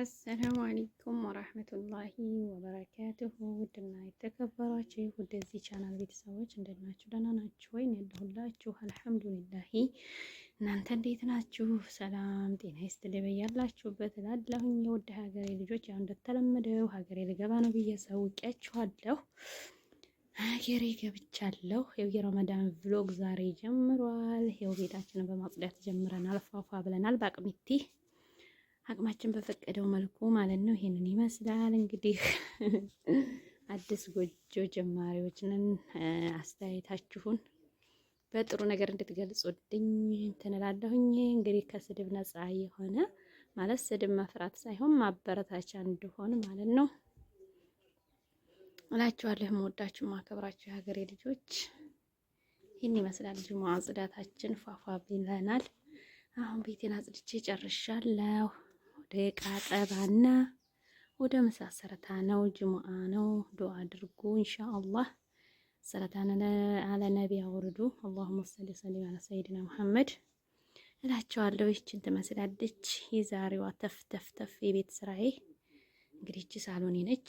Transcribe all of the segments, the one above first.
አሰላሙ አለይኩም ወራህመቱላሂ ወበረካቱሁ ውድና የተከበሯችሁ ውድ ቻናል ቤተሰቦች እንዴት ናችሁ? ደህና ናችሁ ወይ? ያለሁላችሁ አልሐምዱሊላሂ። እናንተ እንዴት ናችሁ? ሰላም ጤና ይስጥልኝ በያላችሁበት እላለሁኝ። የውድ ሀገሬ ልጆች፣ ያው እንደተለመደው ሀገሬ ልገባ ነው ብዬ ሰውቄያችኋለሁ። ሀገሬ ገብቻለሁ። የረመዳን ቭሎግ ዛሬ ጀምሯል። ያው ቤታችንን በማጽዳት ጀምረናል። ፏፏ ብለናል በአቅሚቲ አቅማችን በፈቀደው መልኩ ማለት ነው። ይሄንን ይመስላል እንግዲህ አዲስ ጎጆ ጀማሪዎችንን አስተያየታችሁን በጥሩ ነገር እንድትገልጹልኝ እንትንላለሁኝ። እንግዲህ ከስድብ ነጻ የሆነ ማለት ስድብ መፍራት ሳይሆን ማበረታቻ እንደሆን ማለት ነው እላችኋለሁ። የምወዳችሁ ማከብራችሁ የሀገሬ ልጆች ይህን ይመስላል። ጅማ ጽዳታችን ፏፏ ብለናል። አሁን ቤቴን አጽድቼ ጨርሻለሁ። ዕቃ ጠባና ወደ ምሳ ሰርታ ነው። ጅሙአ ነው። ዱአ አድርጉ ኢንሻአላህ። ሰላታን አለ ነቢ አውርዱ። አላሁመ ሰሊ ሰሊም አለ ሰይድና መሐመድ እላቸዋለሁ። ይችን ትመስላለች የዛሬዋ ተፍተፍተፍ የቤት ስራዬ። እንግዲህ እቺ ሳሎኔ ነች።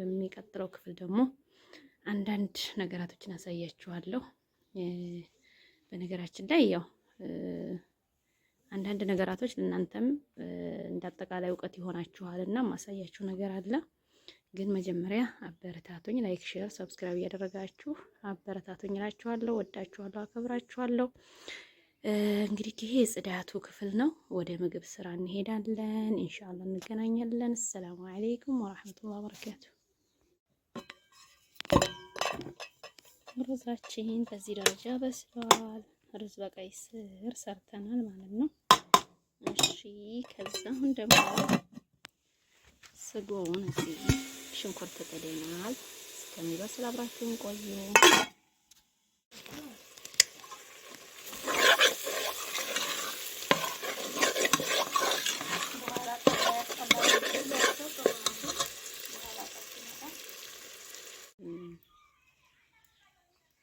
በሚቀጥለው ክፍል ደግሞ አንዳንድ ነገራቶችን አሳያችኋለሁ። በነገራችን ላይ ያው አንዳንድ ነገራቶች ለእናንተም እንዳጠቃላይ እውቀት ይሆናችኋል እና ማሳያችሁ ነገር አለ። ግን መጀመሪያ አበረታቶኝ ላይክ፣ ሼር፣ ሰብስክራይብ እያደረጋችሁ አበረታቶኝ እላችኋለሁ። ወዳችኋለሁ፣ አከብራችኋለሁ። እንግዲህ ይሄ የጽዳቱ ክፍል ነው። ወደ ምግብ ስራ እንሄዳለን። ኢንሻላ እንገናኛለን። አሰላሙ አሌይኩም ወራህመቱላ በረካቱ። ሮዛችን በዚህ ደረጃ በስሏል። ሩዝ በቀይ ስር ሰርተናል ማለት ነው። እሺ ከዛ አሁን ደግሞ ስጎውን እዚህ ሽንኩርት ጥደናል። እስከሚበስል አብራችሁን ቆዩ።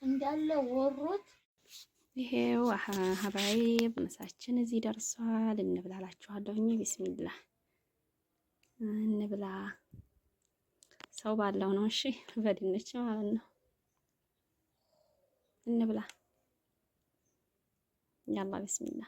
እንዳለ ወሮት ይሄው ሀባይ ምሳችን እዚህ ደርሷል። እንብላላችኋለሁኝ። ቢስሚላ እንብላ። ሰው ባለው ነው። እሺ በድንች ማለት ነው። እንብላ ያላ ቢስሚላ